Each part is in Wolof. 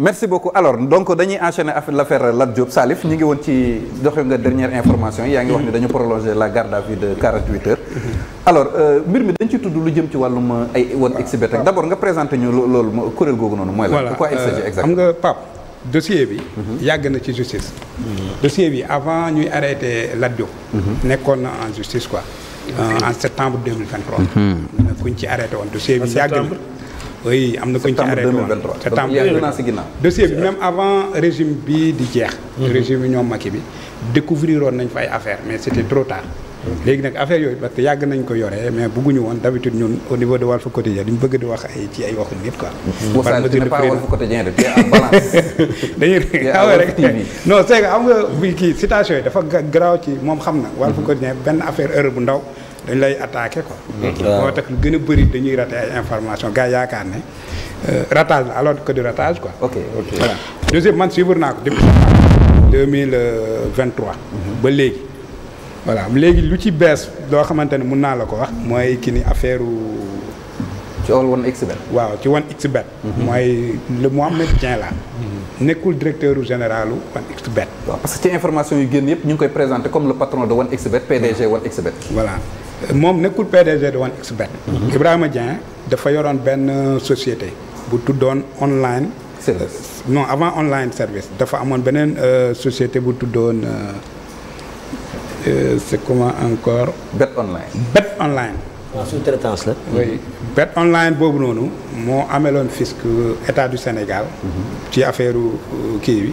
merci beaucoup alors donc dañuy enchaîner affaire l'affaire Lat Diop Salif ñu ngi woon ci joxe nga dernière information yaa ngi wax ni dañu prolonger la garde à vue de 48 alors euh, mbir mi dañ ci tudd lu jëm ci wàllum ay woon exhibit rek d'abord nga présenté ñu loolu kuréel googu noonu mooy la pourquoi il s'agit euh, exactement nga Pape dossier bi yàgg na ci justice mm-hmm. dossier bi avant ñuy arrêté Lat Diop mm-hmm. nekkoon na en justice quoi euh, en septembre 2023 kuñ mm-hmm. ci arrêté woon dossier bi yàgg na oui am na ku ñu ci arrêté woon septembre 2023 dossier bi même avant régime bi di jeex. Mhm. régime bi ñoom Macky bi découvrir woon nañ fa ay mais c' trop tard. Mhm. léegi nag affaire yooyu parce que yàgg nañ ko yore mais bëgguñu woon d' habitude ñun au niveau de Walf Quotidien duñ bëgg di wax ay ci ay waxu nit quoi. Mhm. par mesure de dañuy xawee rek ah non c' est nga kii citation yi dafa garaaw ci moom xam na. Walf Quotidien benn affaire heure bu ndaw. dañ lay attaqué quoi. Mm-hmm. moo tax lu gën bëri dañuy raté ay information gars yaakaar ne euh, ratage la alors que du ratage quoi. ok ok voilà deuxième man suivre naa ko depuis 2023. ba léegi. léegi lu ci bees loo xamante ne mun naa la ko wax mooy ki ni affaire. ci wàllu woon Xbet. waaw ci woon Xbet. Mm-hmm. mooy le Mohamed Dieng la. Mm-hmm. nekkul directeur général wu woon Xbet. waaw parce que ci information yu génn yëpp ñu ngi koy présenté comme le patron de woon Xbet PDG woon Xbet. voilà moom nekkul PDG de One Xbet mhm. Ibrahima Dieng dafa yoroon benn société bu tuddoon online service non avant online service dafa amoon beneen euh, société bu tuddoon euh, euh, c'est comment encore bet online bet online waaw ah, sous-traitance boobu noonu moo ameloon fisc état du Sénégal mhm. ci affaire kii bi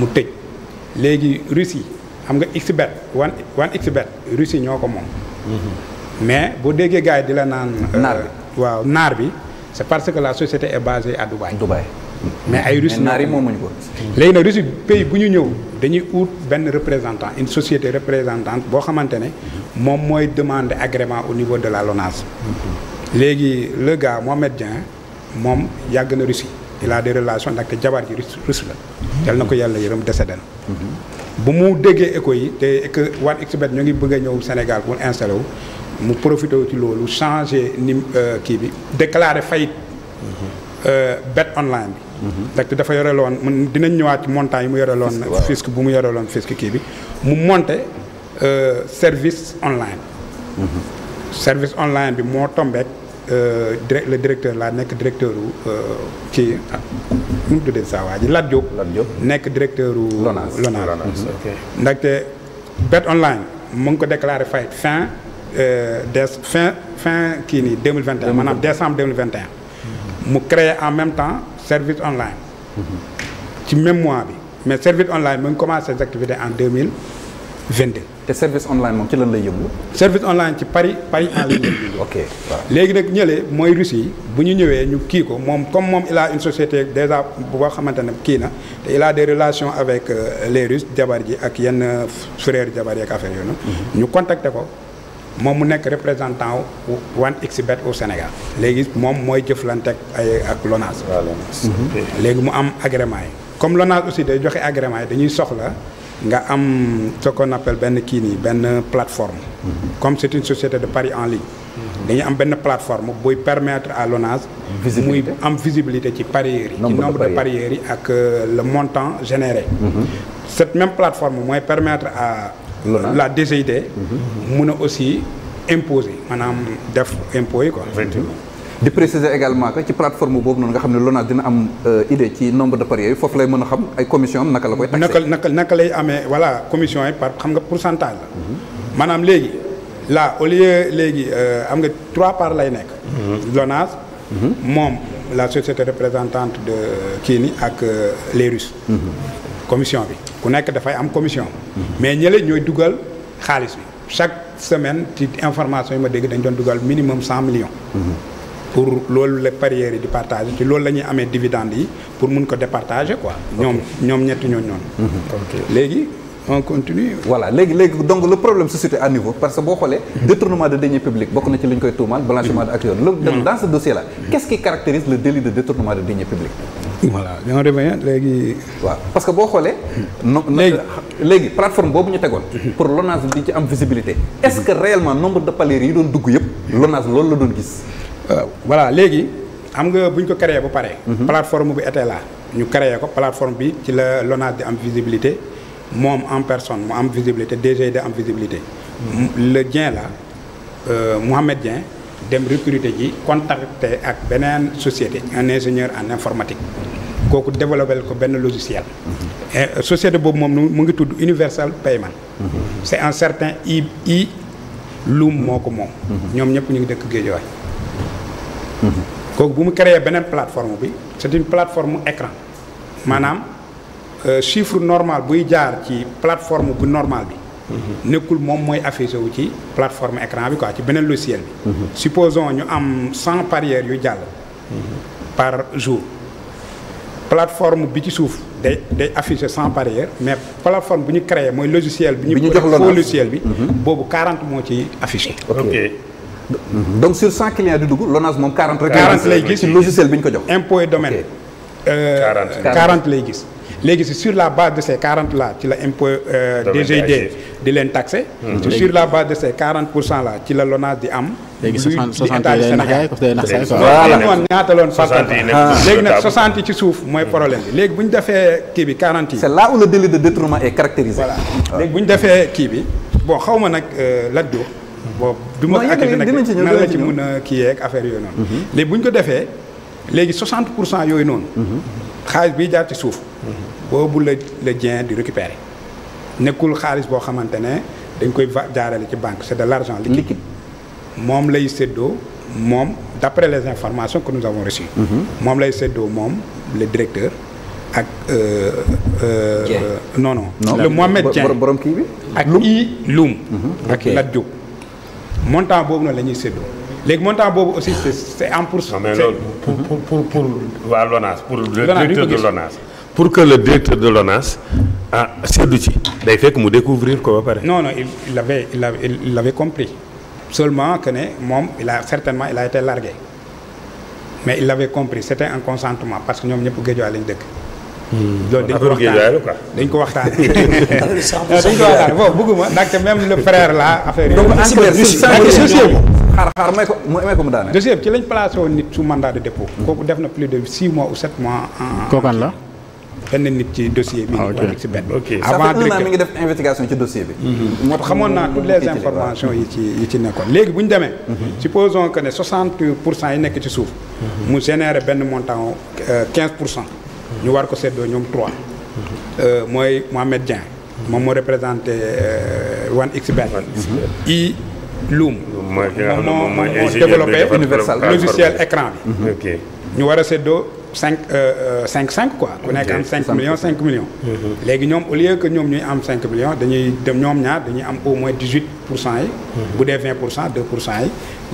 mu tëj léegi Russie xam nga xbet one one xbet Russie ñoo ko moom mais boo déggee gars yi di la naan. Euh, naar bi waaw naar bi. c' est parce que la société est basée à Dubaï. Dubaï. mais ay Russes naar yi moomuñu ko. léegi nag Russie pays bu ñu ñëw dañuy ut benn représentant une société représentante boo xamante ne moom mooy demander agrément au niveau de la LONASE. léegi le gars Mohamed Dieng moom yàgg na Russie il a des relations ndaxte jabar ji Russe la. yal na ko yàlla yërëm décédé na. Mhm. bu mu déggee éco yi te que One Xbet ñoo ngi bëgg a ñëw Sénégal pour installé wu mu profité wu ci loolu changé ni euh, kii bi déclaré faillite mm-hmm. euh, bet online bi mm-hmm. ndaxte dafa yore loon mun dinañ ñëwaat ci montant yi mu yore loon fisc bu mu yore loon fisc kii bi mu monté euh, service online mm-hmm. service online bi moo tombeek Euh, le directeur laa nekk directeur u kii euh, nu mu tuddee saa waa ji Lat Diop. nekk directeur u LONASE LONASE mhm. ndaxte bet online mu ngi ko déclaré fay fin euh, des fin fin kii nii 2021 maanaam décembre 2021 mu créé en même temps service online mhm. ci même mois bi mais service online mu ngi commencé ses activités en 2000 22. te service online moom ci lan lay yëngu. service online ci Paris Paris en ligne. ok waaw léegi nag ñële mooy Russie bu ñu ñëwee ñu kii ko moom comme moom il a une société bu boo xamante ne kii na te il a des avec euh, les Russes jabar ji ak yenn euh, frères jabar yi ak affaire yoonu mhm. ñu contacté ko moom mu nekk représentant wu 1xBet au Sénégal. léegi moom mooy jëflante ak ay ak LONASE. Mhm. léegi mu am agrément yi. comme LONASE aussi day joxe agrément dañuy soxla. nga am ce qu'on benn kii nii benn plateforme. Mhm. comme c'est société de paris en ligne. Mhm. dañuy am benn plateforme buy permettre à l'ONAS muy am visibilité ci parieurs yi ci nombre de parieurs yi ak euh, le montant généré mhm. cette même plateforme mooy permetre à la DGID mu a aussi imposer maanaam def impôt yi di préciser également que ci plateforme boobu noonu nga xam ne Lonase dina am euh, idée ci nombre de parieurs yi foofu lay mën a xam ay commission am naka la koy. taxé naka naka lay amee voilà commission yi par xam nga pourcentage la. maanaam léegi la au lieu léegi euh, am nga trois parts lay nekk. Mhm. Lonase. Mhm. moom la société représentante de kii ni ak euh, les Russes. Mhm. commission bi ku nekk dafay am commission. mais ñële ñooy dugal xaalis bi chaque semaine ci information yi ma dégg dañ doon dugal minimum cent millions. pour loolu la parieurs yi di partager ci loolu la ñuy amee dividende yi pour mun ko départager quoi. ñoom ñoom ñetti ñooñu noonu. Mhm. léegi on continue. voilà léegi léegi donc le problème se à niveau parce que boo xoolee. Mhm. détournement de deniers publics bokk na ci li koy tuumaal blanchiment de mhm. acteurs. loolu dans ce dossier le délit de détournement de deniers publics. voilà léegi. waaw parce que boo xoolee. no léegi plateforme boobu ñu tegoon. pour LONASE di ci am visibilité. est-ce que réellement nombre de paliers yi doon dugg yëpp. LONASE gis. Euh, voilà léegi am nga buñ ko créé ba pare. Mhm. plateforme bi était la ñu créé ko plateforme bi ci la Lonase di am visibilité moom en personne mu am visibilité DG di am visibilité. Mhm. le Dieng la euh, Mouhamed Dieng dem recruter ji contacter ak beneen société un ingénieur en informatique kooku développé ko benn logiciel. Mhm. et euh, société boobu moom mu ngi tudd Universal Payment. c' est un certain i i Loum moo ko moom. ñoom ñëpp ñu ngi dëkk Guédiawaye. kooku bu mu créer beneen plateforme bi c'est une plateforme écran maanaam euh, chiffre normal buy jaar ci plateforme bu normal bi nekkul moom mooy affiché wu ci plateforme écran bi quoi ci beneen logiciel bi supposons ñu am cent parieurs yu jàll par jour plateforme bi ci suuf day day affiché cent parieurs mais plateforme bu ñu créé mooy logiciel bi ñu ñu jox logiciel bi mhm. boobu 40 moo ci affiché ok donc sur 100 clients di dugg LONASE moom 40 rek. 40 lay gis logiciel bi ñu ko jox. impôt domaine. 40 lay gis. léegi si sur la base de ces 40 la ci la impôt euh, DGID di leen taxé. Hmm. sur la base de ces 40 pour cent là ci la LONASE di am. léegi 60 60 yi lay nagaay parce que day nax léegi nag 60 yi ci suuf mooy hmm. problème bi léegi bu ñu defee kii bi 40 yi. c'est là où le délit de détournement est caractérisé. Ah. léegi bu ñu defee kii bi bon xaw ma nag euh, Lat boobu du ma activité nag nan la ci mën a kii yeeg affaire yooyu noonu mhm. léegi bu ñu ko defee léegi 60 pour cent yooyu noonu mhm. xaalis bi jaar ci suuf mhm. boobu la la jeen di récupérer nekkul xaalis boo xamante ne dañ koy jaarale ci banque c'est de l'argent liquide moom lay séddoo moom d'après les informations que nous avons reçues moom lay séddoo moom le directeur ak euh, euh, non non le Mohamed Dieng borom kii bi ak i Loum ak Lat Diop montant boobu noonu la ñuy séddoo léegi montant boobu aussi c'est c'est en pour. non mais pour pour pour pour waa pour. que le directeur de l'ONAS ah seddu ci day fekk mu découvrir ko ba pare. non non il il avait il avait il compris seulement que ne moom il a certainement il a été largué mais il l'avait compris c'était un consentement parce que ñoom ñëpp géejoo lañ dëkk. Hmm. loolu dañ ko waxtaan dañ ko waxtaan. dañ ko waxtaan bon bëgguma ndaxte même le frère là affaire yi. donc xaar xaar may ko may ko mu daane. dossier bi ci lañ placé nit sous mandat de dépôt. kooku def na plus de six mois ou sept mois. kookaan la. benn nit ci dossier bi. ah ok benn. avant directeur mi ngi def investigation ci dossier bi. Mhm. moo tax xamoon naa toutes les informations yi ci yi ci nekkoon léegi bu ñu demee. Mhm. supposons que ne 60 pour cent yi nekk ci suuf. Mhm. mu généré benn montant 15 euh, pour cent. ñu war ko seddoo ñoom trois. Euh, mooy Mohamed Dieng. moom moo représenté euh, One XBet. i Loum. mooy ki nga xam ne moom mooy développé logiciel écran bi. Mm-hmm. ñu war a seddoo cinq euh, cinq cinq quoi. ku nekk am cinq millions cinq millions. Mm-hmm. léegi ñoom au lieu que ñoom ñuy am cinq millions dañuy de ñoom ñaar dañuy am au moins dix huit pour cent yi. Mm-hmm. bu dee vingt pour cent deux pour cent yi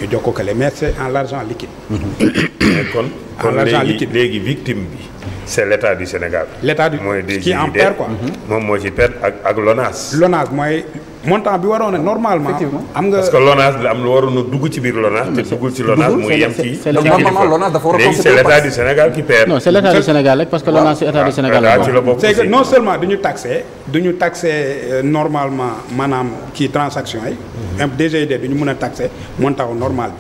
ñu jokkoo ko mais c'est en l'argent liquide. kon kon léegi léegi victime bi. c' est l' du Sénégal. l' état du qui en perd quoi moom moo ci perd mooy montant bi waroon a nga parce que LONAS la du Sénégal qui perd. non c' l' état du Sénégal rek parce que LONAS ci ñu taxé du ñu taxé euh, normalement maanaam kii transaction yi. même DGID du ñu mën a taxé montant normal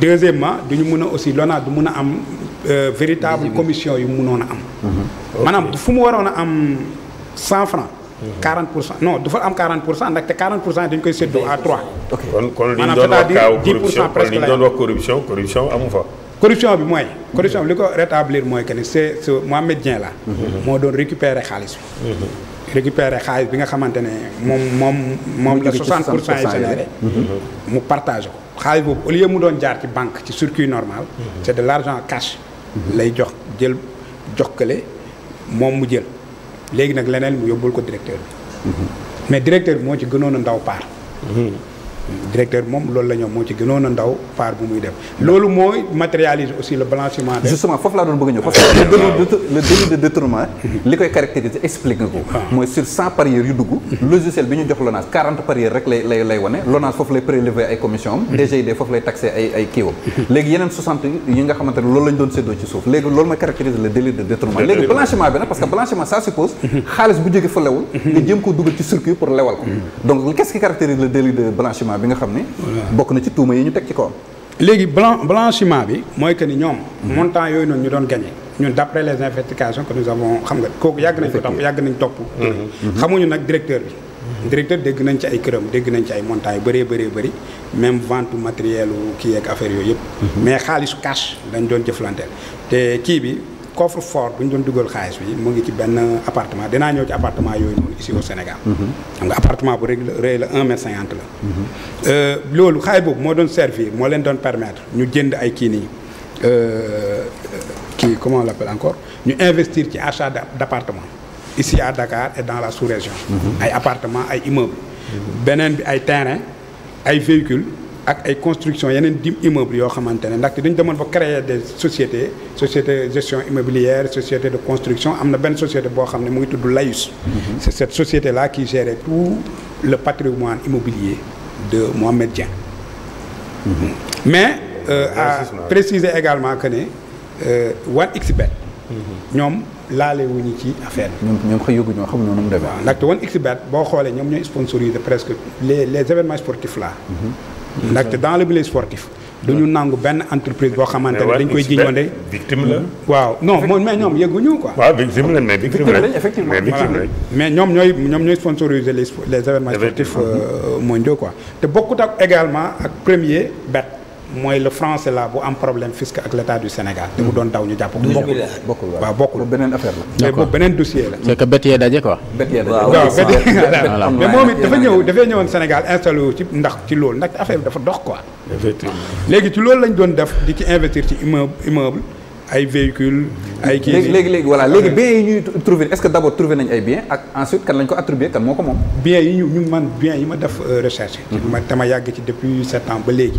bi. deuxièmement du ñu mën a aussi LONAS du mën a am. Euh, véritable commission yu mënoon a am. Mhm. maanaam fu mu waroon a am cent franc. 40 mhm. pour cent non dafa am 40 pour cent ndaxte 40 pour cent dañ koy séddoo à 3. kon kon li ñu doon wax kaaw corruption kon li ñu doon wax corruption corruption bi mooy. Mhm. corruption bi li ko rétablir mooy que ni c'est ce la. moo doon récupérer xaalis bi. récupérer xaalis bi nga xamante ne moom moom moom la 60 pour cent yi généré mu partage ko xaalis boobu au lieu mu doon jaar ci banque ci circuit normal. c'est de l'argent cash. Mhm. lay jox jël jox kële moom mu jël léegi nag leneen mu yóbbul ko directeur bi mhm. mais directeur bi moo ci gënoon a ndaw paar mhm. directeur moom loolu mooy matérialiser aussi le blanchiment de justement foofu laa doon bëgg ñëw parce que le ah. logiciel bi ñu jox LONASE quarante parieurs rek lay lay wane LONASE foofu lay prélever ay commission am DGID foofu lay taxé ay kiiwam léegi yeneen soixante yi nga xamante loolu lañ doon séddoo ci suuf léegi loolu mooy caractériser le délit de détournement léegi blanchiment bi nag parce que blanchiment ça suppose xaalis bu jóge fa lewul blanchiment bi nga xam ni. bokk na ci tuuma yi ñu teg ci kawam. léegi blan blanchiment bi mooy que ni ñoom. Mhm. montant yooyu noonu ñu doon gagné ñun d' après les investigations que nous avons xam nga kooku yàgg nañ ko topp yàgg nañ topp. Mhm. Mhm. xamuñu nag directeur bi. directeur dégg nañ ci ay këram dégg nañ ci ay montants yu bëree bëree bëri même vente matériel kii yeek affaire yooyu yëpp. mais xaalisu cash dañ doon jëflanteel te kii bi. coffre fort bu ñu doon dugal xaalis bi mu ngi ci benn appartement dinaa ñëw ci appartement yooyu noonu ici au Sénégal. Mhm. xam nga appartement bu rëy la un mètre cinquante la. Euh, loolu xaalis boobu moo doon servir moo leen doon permettre ñu jënd ay kii nii euh, euh, kii comment on encore ñu investir ci achat d'appartement ici à Dakar et dans la sous-région. Mhm. ay appartement ay immeubles. Mhm. beneen bi ay terrain ay véhicules. ak ay construction yeneen di immeuble yoo xamante ne ndaxte dañ demoon ba créer des société société gestion immobilière société de construction am na benn société boo xam ne mu ngi tudd Layus. Mhm. c'est cette société là qui gérait tout le patrimoine immobilier de Mohamed Dieng. Mm mais euh, à préciser également que ne euh, one xbet mhm. ñoom laale wu ñu ci affaire bi. ñoom ñoo xam noonu mu demee. waaw ndaxte one xbet boo xoolee ñoom ñooy sponsorisé presque les les événements sportifs là. Mhm. ndaxte dans le milieu sportif. duñu nangu benn entreprise boo xamante ne dañ koy jiñoonde victime la waaw non moom mais ñoom yëguñu quoi waaw victime la mais victime la effectivement mais ñoom ñooy ñoom ñooy sponsoriser les les événements sportifs euh, mondiaux ko te bokkut ak également ak premier bet mooy le franc CFA bu am problème fiscal ak l' état du Sénégal. te mu doon daw ñu jàpp ko. bokkul bokkul waaw bokkul beneen affaire la. mais boobu beneen dossier la. c'est que bett yee daje quoi. bett yee daje waaw mais moom it dafa ñëw dafay ñëwoon Sénégal installé wu ci ndax ci loolu ndax affaire bi dafa dox quoi. effectivement léegi ci loolu lañ doon def di ci investir ci immeuble immeuble. ay véhicules ay kii léegi léegi léegi voilà léegi biens yi ñuy trouvé est-ce que d'abord trouvé nañu ay biens ak ensuite kan lañ ko attribué kan moo ko moom. biens yi ñu ñu man biens yi ma def euh, recherche. ma dama yàgg ci depuis sept ans ba léegi.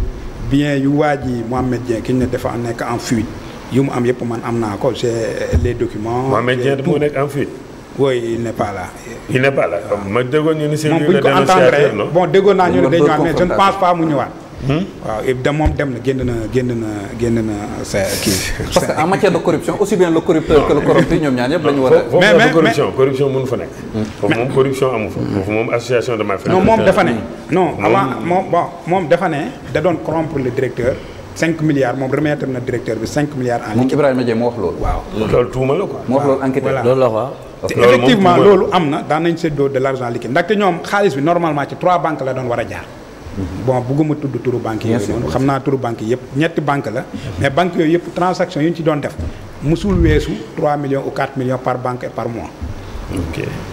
bien yu waa ji Mohamed Dieng ki ñu ne dafa nekk en fuite yu mu am yëpp man am naa ko c'est les documents. Mohamed Dieng moo nekk en fuite. oui il n'est pas là. il n'est pas là ah. ma déggoon ñu ni. moom bu ñu ko entendre bon déggoon naa ñu ne dañu ñëwaat mais je ne pense mu ñëwaat. waaw et moom dem na génn na génn na génn na sa kii. parce que en matière de corruption aussi bien le corrupteur que le corrompu ñoom ñaar ñëpp la ñu war a. mais mais corruption corruption mënu fa nekk. Hmm. foofu moom corruption amu fa. foofu moom association de malfaiteurs. non moom dafa ne. Hmm. non avant moom bon moom dafa ne da doon corrompre le directeur. 5 milliards moom remettre na directeur bi 5 milliards. en liquide moom Ibrahima Dieng moo wax loolu. waaw loolu tuuma la quoi. moo wax loolu enquête loolu la quoi. te effectivement loolu am na daan nañ séddoo de l' argent liquide ndaxte ñoom xaalis bi normalement ci trois banques la doon war a jaar. Mhm. bon bugguma tudd turu banque yooyu noonu xam naa turu banque yëpp ñetti banque la mais banque yooyu yëpp transaction yi ñu ci doon def musul weesu 3 millions ou 4 millions par banque et par mois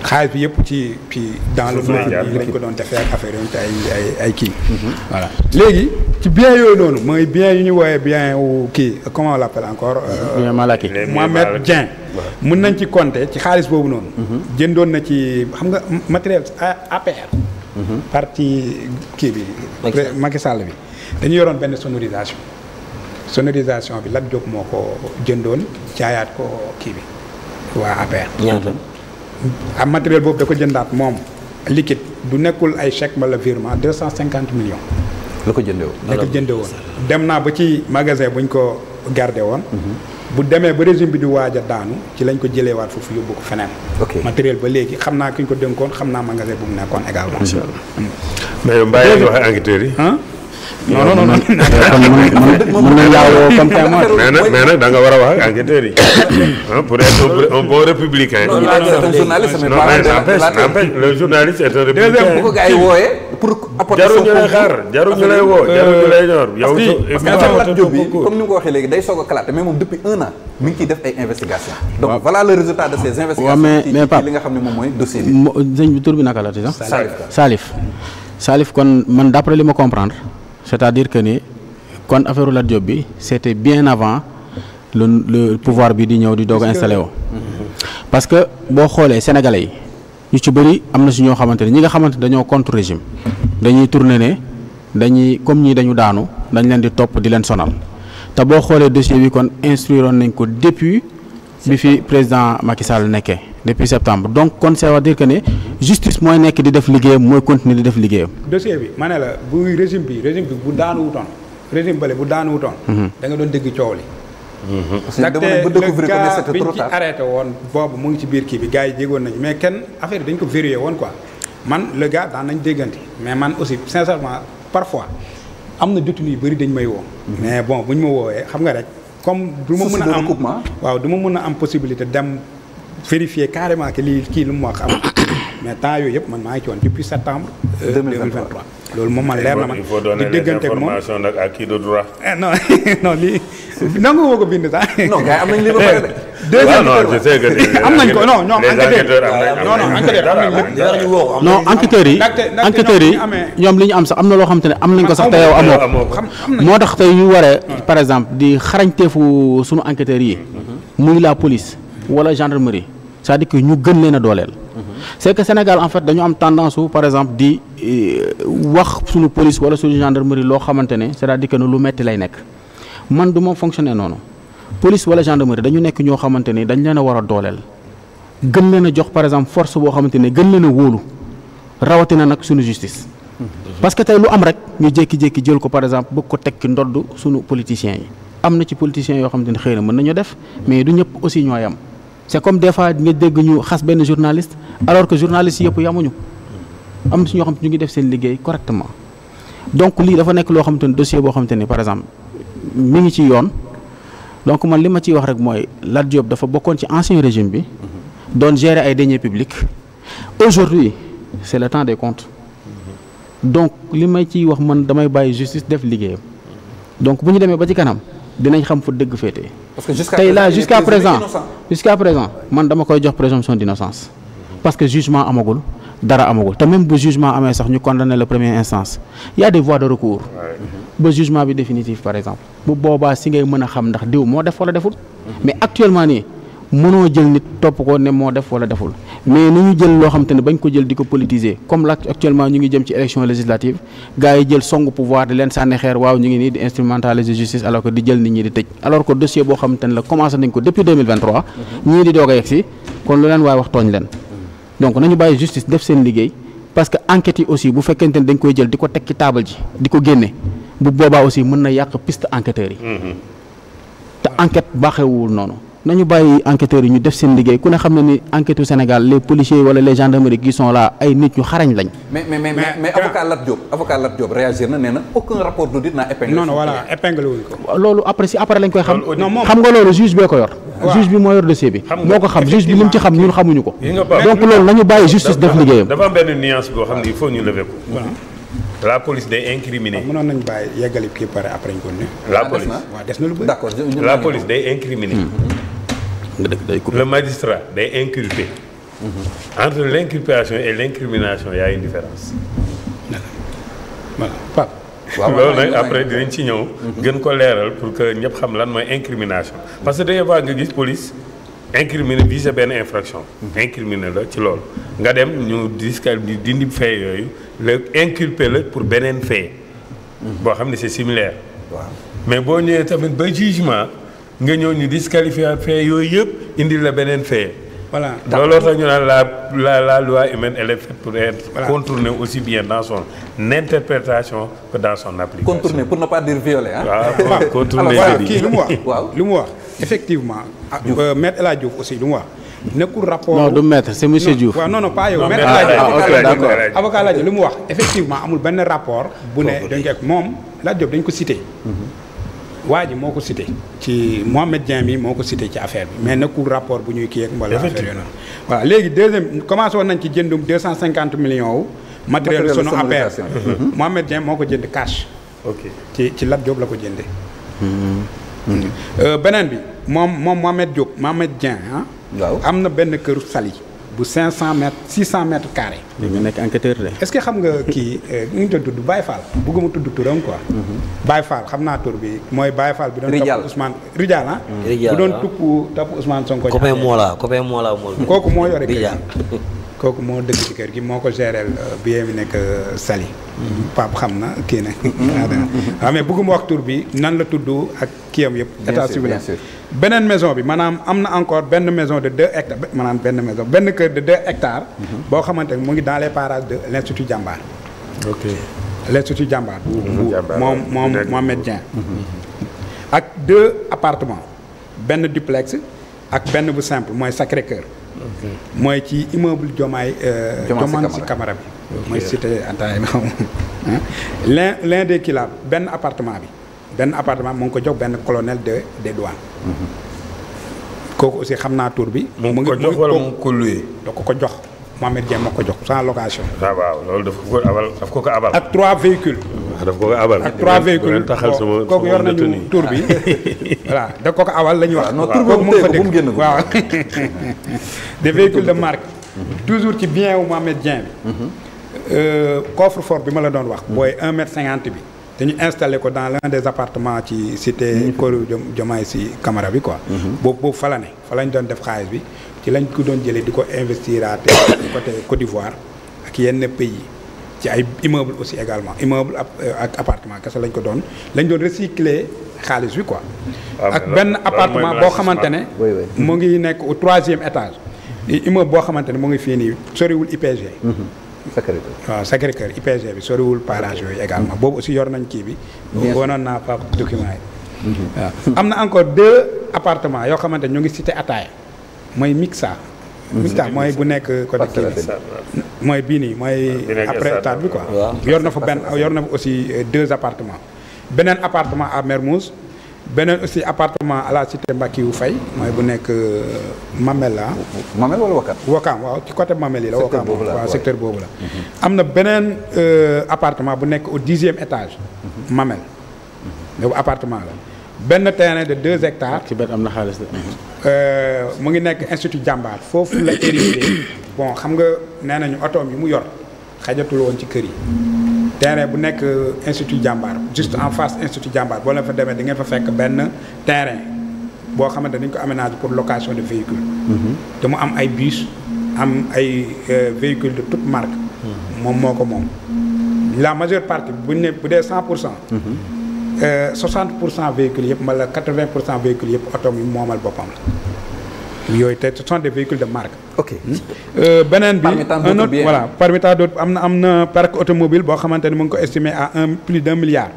xaalis bi yëpp ci ci dans le monde bi lañ ko doon defee ak affaire yooyu te ay ay ay kii. Mhm. voilà léegi ci biens yooyu noonu mooy biens yu ñu wooyee bien wu kii comment on l' appelle encore. Euh, bien malaki Mohamed Dieng. mën nañ ci compter ci xaalis boobu noonu. Mhm. jëndoon na ci xam nga matériel APR. parti kii bi. Macky Sall bi dañu yoroon benn sonorisation sonorisation bi Lat jóg moo ko jëndoon jaayaat ko kii bi waa APR. ñaata am ah, matériel boobu da ko jëndaat moom liquide du nekkul ay chèque wala virement deux cent cinquante millions. la ko jëndee woon la jëndee woon dem naa ba ci magasin buñ ko gardé woon. Mhm. bu demee ba régime bi di waaja a daanu ci lañ ko jëlee waat foofu yóbbu ko feneen. ok matériel ba léegi xam naa ku ñu ko dénkoon xam naa magasin bu mu nekkoon également. incha allah mm. mais yow mbaa yaa ngi wax enquêteurs yi. non non non kon mën nañ laa woo comme témoin. mais nag mais nag da nga war a wax ak enquêteurs yi pour être un bon républicain. non non le journaliste est un républicain. bu ko gars yi wooyee pour apporter son concours. jaru ñu lay xaar jaru ñu lay euh, woo jaru ñu lay ñor. yow parce que Lat Diop bi comme ni nga ko waxee léegi day soog a kalaate mais moom depuis un an mi ngi ciy def ay investigations. donc voilà le résultat de ces investigations. ci li nga xam ne moom mooy dossier bi. sëñ bi tur bi naka la ah? sax. Salif Salif kon man d'après li ma comprendre c'est-à-dire que ni kon affaire Lat Diop bi c'était bien avant le le pouvoir bi di ñëw di doog a installé mhm. que boo xoolee sénégalais yi ñu ci bëri am na si ñoo xamante ne ñi nga xamante dañoo contre régime dañuy tourné ne dañuy comme ñii dañu daanu dañu leen di topp di leen sonal te boo xoolee dossier bi kon instruiroon nañ ko depuis bi fi président Macky Sall nekkee. depuis septembre donc kon ça veut dire que ne justice mooy nekk di def liggéeyam mooy continuer di def liggéeyam. dossier bi ma la bu régime bi régime bi bu daanu wutoon régime bële bu daanu wutoon. Mhm. da doon dégg coow li. Mhm. parce que dama ne ba ci arrêté woon boobu mu ngi ci biir kii bi gars yi jégoon nañu mais kenn affaire dañ ko verrouillé woon quoi man le gars daan nañ déggante mais man aussi sincèrement parfois am na jotuñu yu bëri dañ may woo. Mhm. mais bon bu ñu ma woowee xam rek comme. du ma mën a am waaw du ma mën vérifier carrément que kii lu mu am mais temps yooyu yëpp man maa ngi ci woon depuis septembre. 2023 loolu moom man leer na man di déggante ak moom il faut donner les informations nag à qui de droit. Eh, non non lii nangu woo ko bind sax. non yi am nañ ko non ñoom enquêteurs yi enquêteurs yi ñoom li ñu am sax am na loo xam te ne am nañ ko sax te yow amoo ko moo tax tey ñu waree par exemple di xarañteefu sunu enquêteurs yi mm-hmm. muy la police wala gendarmerie cest à dikk ñu gën leen a dooleel. Mhm. c'est que Sénégal en fait dañu am tendance su par exemple di euh, wax suñu police wala suñu gendarmerie loo xamante ne cest à lu metti lay nekk man du ma fonctionner noonu police wala gendarmerie dañu nekk ñoo xamante ne dañ leen a war a dooleel gën leen a jox par exemple force boo xamante ne gën leen a wóolu rawatina nag suñu justice. Mhm. parce que tey lu am rek ñu jékki-jékki jël ko par exemple bëgg ko tekki ci ndodd suñu politiciens yi. am na ci politiciens yoo xamante ne xëy na mën nañu def mais du ñëpp aussi ñooy am. c'est comme des fois nga dégg ñu xas benn journaliste alors que journaliste yëpp yamuñu am ci ñoo xam te ñu ngi def seen liggéey correctement donc lii dafa nekk loo xamante ne dossier boo xam xamante ni par exemple mu ngi ci yoon donc man li ma ciy wax rek mooy Lat Diop dafa bokkoon ci ancien régime bi doon gérer ay deniers publics aujourd'hui c'est le temps des comptes donc li may ciy wax man damay bàyyi justice def liggéeyam donc bu ñu demee ba ci kanam dinañ xam fa dëgg féetee tey là jusqu'à présent jusqu'à présent man dama koy jox présomption d'innocence parce que jugement amagul dara amagul te même bu jugement amee sax ñu condamné la première instance il y a de recours ba jugement bi définitif par exemple bu boobaa si ngay mën a xam ndax diw moo def wala deful mais actuellement nii mënoo jël nit topp ko ne moo def wala deful mais ni ñu jël loo xam te ne bañ ko jël di ko politiser comme là actuellement ñu ngi jëm ci élection législative gars yi jël song pouvoir di leen sànni xeer waaw ñu ngi nii di instrumentaliser justice di jël nit ñi di tëj alors que dossier boo xam te la commencé nañ ko depuis ñii di doog a yegg si kon lu leen waaye wax tooñ leen donc nañu bàyyi justice def seen liggéey parce que enquêtes yi aussi bu fekkente ne dañ koy jël di ko teg ci table ji di ko génne bu boobaa aussi mën na yàq piste enquêteurs yi mm-hmm. te enquête baaxewul noonu nañu bàyyi enquêteurs yi ñu def seen liggéey ku ne xam ne ni enquête Sénégal les policiers wala les gendarmeries qui sont ay nit ñu xarañ lañ. mais mais avocat Lat Diop avocat Lat Diop réagir na nee na aucun rapport d'audit naa épinglé. loolu après si après lañ koy xam. xam nga loolu juge bee ko yor. juge bi moo yor dossier bi. moo ko xam juge bi li mu ci xam ñun xamuñu ko. donc loolu nañu bàyyi justice def liggéeyam. dafa am benn boo xam ne il faut ñu lever ko. la police day incriminé. mënoon nañu bàyyi yeggali kii pare après nga dëgg day coupé. le magistrat day inculpé. Mhm. entre l' et l' incrimination y a une différence. voilà Pape. waaw loolu nag après dinañ ci ñëw. Mhm. gën ko leeral pour que ñëpp xam lan mooy incrimination. parce que des fois nga gis police incriminer visé benn infraction. Mhm. incriminer la ci loolu. nga dem ñu discal di dindi fee yooyu la inculpé la pour beneen fee. boo xam ne c' est similaire. mais boo ñëwee tamit ba jugement. nga ñëw ñu disqualifier fee yooyu yëpp indi la beneen fee. voilà looloo tax ñu naan la la la loi humaine elle est faite pour être voilà. contournée aussi bien dans son interprétation que application. pour ne pas dire violée ah, kii lu mu wax. waaw lu mu wax effectivement. Ah, Diouf euh, maître El aussi lu mu wax. nekkul rapport non du maître c'est monsieur Diouf. waaw non non yow maître El Hadj ah, avocat El Hadj lu mu wax effectivement amul benn rapport. bu ne dañ koy moom El Hadj dañ ko cité. Mhm. waa ji moo ko cité ci Mohamed Dieng mi moo ko cité ci affaire bi mais nekkul rapport bu ñuy kii ak wala affaire yooyu noonu voilà léegi deuxième commencé woon nañ ci jëndum deux cent cinquante millions wu matériel sunu affaire mhm. Mhm. Mohamed Dieng moo ko jënd cash ci ci Lat Diop la ko jëndee mhm. euh, beneen bi moom moom Mohamed Diop Mohamed Dieng ah waaw am na benn këru Saly bu 500 mètres 600 mètres carrés. li nekk enquêteur de. est-ce xam nga kii euh, nu ñu doon tudd Baye Fall bëgguma tudd turam quoi. Mhm. Baye Fall xam naa tur bi mooy Baye Fall. bi doon topp Ousmane Rijal ah. Mhm. Rijal bu doon tukku topp Ousmane Sonko. Copain Mola Copain Mola mooy. kooku moo yore kii Rijal. kooku moo dëkk ci kër gi moo ko géreel euh, billet bi nekk euh, Saly mm-hmm. Pape xam na kii na mm-hmm. mm-hmm. waaw mais bëgguma wax tur bi nan la tudd ak kiyam yëpp état beneen maison bi maanaam am na encore benn maison de deux hectares benn maison benn kër de deux boo xamante mu ngi dans les parages de l' institut Jambar ok l' moom moom Mohamed Dieng ak deux appartements benn duplex ak benn bu simple mooy Sacré Cœur mooy ci immeuble jomaay Diomaye euh, si Camara bi mooy cité Anta yi xam l'un l'un des kila benn apartement bi benn appartement mu ngi ko jox benn colonel de des douanes. Mhm. kooku aussi xam naa tour bi. mu ngi ko jox wala mu ngi ko loué. da ko ko jox Mohamed Dieng ma ko jox sans location. Ah, waaw loolu daf ko abal daf ko ko abal. ak trois véhicules. daf ko abal ak trois véhicules kooku yor nañu tur bi voilà da ko ko awal la ñuy wax ah, tur boobu mu fa dégg waaw des véhicules de marque toujours ci bien wu Mohamed Dieng bi mhm. euh, coffre fort bi ma la doon wax mhm. booy un mètre cinquante bi dañu installé ko dans l'un des appartements ci cité mhm. Kër Diomaye si Camara bi quoi boobu boobu fa la ne fa lañ doon def xaalis bi ci lañ ko doon jëlee di ko investiraat côté Côte d'Ivoire ak yenn pays ci ay immeuble aussi également immeuble euh, ak appartement kese lañ ko doon lañ doon recycler xaalis bi quoi. Ah, ak benn appartement boo xamante ne. mu ngi nekk au troisième étage. immeuble boo xamante ne mu ngi fii nii soriwul IPG. Mhm. Sacré-Cœur waaw Sacré-Cœur IPG bi soriwul parage yooyu également boobu aussi yor nañ kii bi. wonoon naa fa document yi. Mhm. am na encore deux apartement yoo xamante ne ñu ngi cité Ataaya mooy Mixa. mixta mooy bu nekk côté kii mooy bii nii mooy après stade bi quoi yor na fa benn yor na fa aussi euh, deux appartements beneen appartement à Mermoz beneen aussi appartement à la cité Mbakiou Faye mooy bu nekk Mamel la Mamel wala Wakam waaw ci côté Mamel yi la Wakam waaw secteur boobu la mhm. am na beneen euh, appartement bu nekk au dixième étage mhm. Mamel mhm. boobu appartement la benn terrain de deux hectares. ci benn am na xaalis de. Euh, mu ngi nekk institut jàmbaar foofu la érigé bon xam nga nee nañu otoom yi mu yor xajatul woon ci kër yi. terrain bu nekk euh, institut jàmbaar juste en face institut jàmbaar boo leen fa demee di ngeen fa fekk benn terrain boo xamante dañ ko aménagé pour location de véhicule. Mhm. te mu am ay bus am ay euh, véhicule de toute marque. Mhm. moom moo ko moom. la majeure partie bu ñu ne bu dee cent pour cent. Mhm. 60 euh, pour cent véhicules yëpp wala 80 pour cent véhicules yëpp oto mi moomal boppam la yooyu te ce sont des véhicules de marque. Hmm? Euh, beneen bi un autre voilà parmi tant d'autres am na am na parc automobile boo xamante ne mu ngi ko estimé à un plus d'un milliard.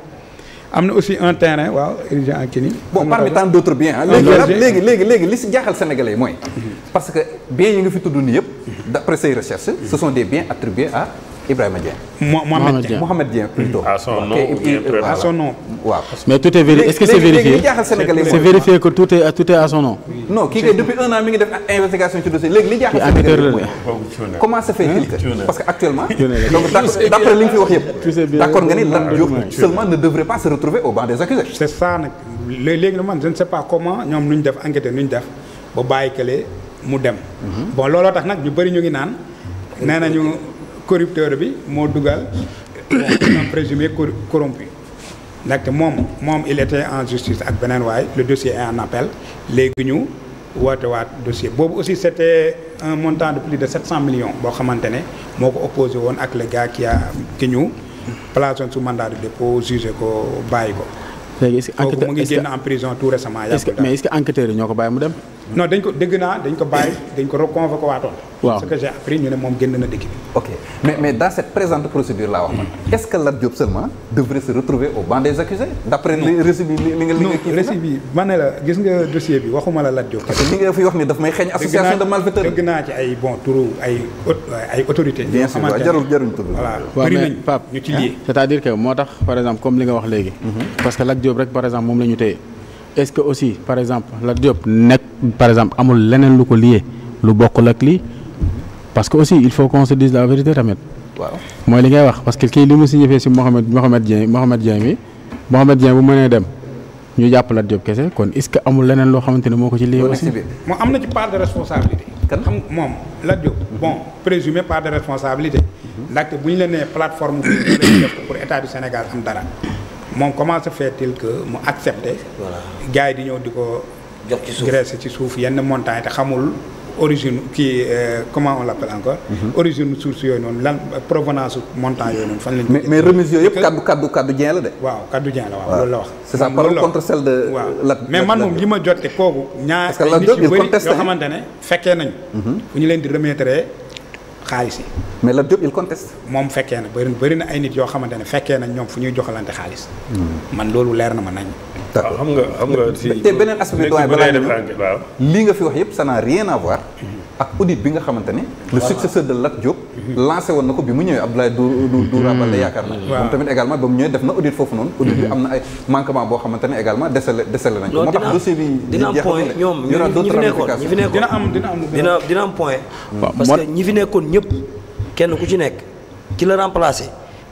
am na aussi un terrain waaw érigé en kii bon parmi tant d'autres léegi léegi léegi léegi li si jaaxal sénégalais mooy. Hmm. parce que biens yi nga fi tudd nii yëpp. d'après say recherches. ce sont des biens attribués à. Ibrahima Dieng. Mohamed Dieng Mohamed Dieng plutôt. à ah, son ah, waaw mais tout est vérifié est-ce que c'est vérifié c'est vérifié que tout est tout est à son kii kay depuis un an mi ngi def investigation ci dossier léegi li jaaxal Sénégalais mooy comment ça fait parce que actuellement. donc d'après li nga fi wax yëpp. d'accord nga ni Lat Diop seulement ne devrait pas se retrouver au banc des accusés. c'est ça nag corrupteur bi moo dugal un présumé corrompu ndaxte moom moom il était en justice ak beneen waay le dossier en appel léegi ñu woote waat dossier boobu aussi c' était un montant de plus de 700 millions boo xamante ne moo ko opposé woon ak le gars a ki ñu placé sous mandat de dépôt jugé ko bàyyi ko. léegi est que mu ñoo ko bàyyi mu dem. non dañ ko dégg naa dañ ko bàyyi dañ ko reconvoqué waatoon. waaw ce que j'ai appris ñu ne moom génn na dëkk bi. ok mais mais dans cette présente procédure laa wax man. est-ce que Lat Diop seulement devrait se retrouver au banc des accusés d'après li récit bi li nga li nga kii non récit bi ma ne la gis nga naa ci ay bon turu ay ay autorités. bien sûr ci lii. cest moo tax par exemple comme li nga wax léegi. Mhm. parce que Lat Diop rek par exemple moom la ñu est-ce que aussi par exemple Lat Diop nekk par exemple amul leneen lu ko lié lu bokk ak lii parce que aussi il faut qu'on la vérité tamit. waaw mooy li ngay wax parce que kii li mu signifié si Mohamed Mohamed Dieng Mohamed Dieng mi Mohamed Dieng bu mënee dem ñu jàpp Lat Diop kese kon est-ce que amul leneen loo xamante ne moo ko ci lié. aussi moo am na ci part de responsabilité. kan moom Lat Diop bon présumé part de responsabilité. Mhm. ndaxte bu ñu la nee plateforme bi pour am dara. moom comment se fait mu accepté. voilà gars yi di ñëw di ko. jox ci suuf graisse ci suuf yenn montagne te xamul origine kii euh, comment on l' appelle encore. Mhm. origine source yooyu noonu lan provenance montagne yooyu noonu fan lañ. mais mais remise yooyu yëpp kaddu kaddu kaddu Dieng de. waaw kaddu Dieng waaw loolu la wax. c' est ça par contre celle de. mais man moom li ma jotte kooku. ñaar nit yu bëri yoo xamante ne fekkee nañu. Mhm. fu ñu leen di remettre. xaalis yi. mais Lat Diop il conteste. moom fekkee na bëri bëri na ay nit yoo xamante ne fekkee na ñoom fu ñuy joxalante xaalis. Hmm. man loolu leer na ma nañ. d'accord nga xam nga si. te beneen aspect doyen balaa ñu lii nga fi wax yëpp ça n'a rien à hmm. ak audit bi nga xamante ne. le successeur de Lat Diop. lancé woon na ko bi mu ñëwee Abdoulaye du du rabal yaakaar na moom tamit également ba mu ñëwee def na audit foofu noonu audit bi am na ay manquement boo xamante également desale desale moo tax dossier bi dina ku ci nekk ki la remplacé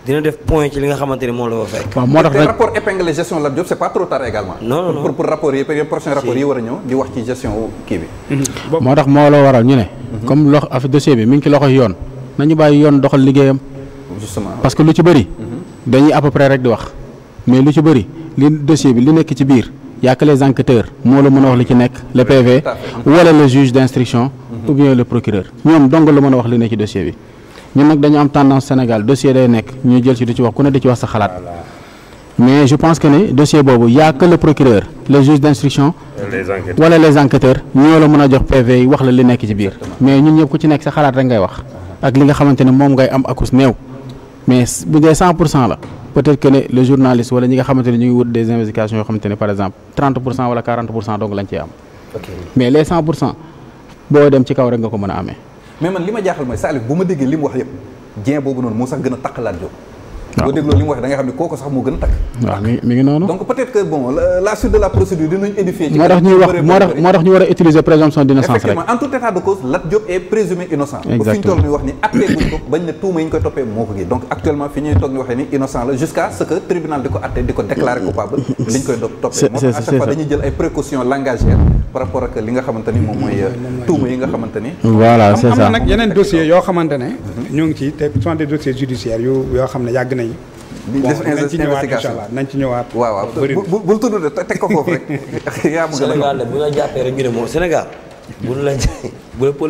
dina def point ci li nga xamante ni moom mhm. comme loxo affaire ngi loxo yoon. nañu bàyyi yoon doxal liggéeyam. justement parce que lu ci bëri. dañuy à peu di wax mais lu ci bëri li dossier bi li nekk ci biir yaa que les enquêteurs moo la mën a wax li ci nekk le PV. wala d' instruction. Mhm. ou bien le procureur ñoom la mën a wax li ci dossier bi. ñun nag dañu am tendance Sénégal dossier day nekk ñu jël ci lu ci wax ku ne di ci wax sa xalaat mais je pense que ne dossier boobu yaa la le procureur le juge d' instruction. wala les enquêteurs ñoo la mën a jox PV yi wax la li nekk ci biir. mais ñu ñëpp ku ci nekk sa xalaat rek ngay wax. ak li nga xamante ne moom ngay am akus néew mais bu dee la peut que ne le journaliste wala ñi nga xamante ne ñu wut des investigations yoo xamante par exemple 30 pour cent wala 40 pour cent donc lañ cee am. mais les 100 pour cent boo dem ci kaw rek nga ko mën a amee. mais man li ma jaaxal mooy Salif bu ma déggee li wax yëpp Dieng boobu noonu moo sax gën a taqalaat jóg. boo dégloo li mu wax da nga xam ne kooku sax moo gën a takk. waaw mi ngi noonu. moo tax ñuy wax moo tax moo war a utiliser présomption d'innocence rek. en tout état de cause Lat Diop est présumé innocent. exactement ba fi ñu toll nii wax ni àttee tuuma yi ñu koy toppee moo ko gi donc actuellement fi ñuy toog ñu waxee ni innocent la jusqu'à ce que tribunal di ko àttee di ko déclarer coupable. li ñu koy toppee moo tax à chaque fois dañuy jël ay précautions langagières par rapport ñu ngi ci te ce sont des dossiers yoo xam ne yàgg nañu. di nañ ci ñëwaat incha nañ ci ñëwaat. bu bu tudd de teg ko foofu rek. yaa bëgg a bu ñu jàppee rek ñu ne moom Sénégal bu la bu la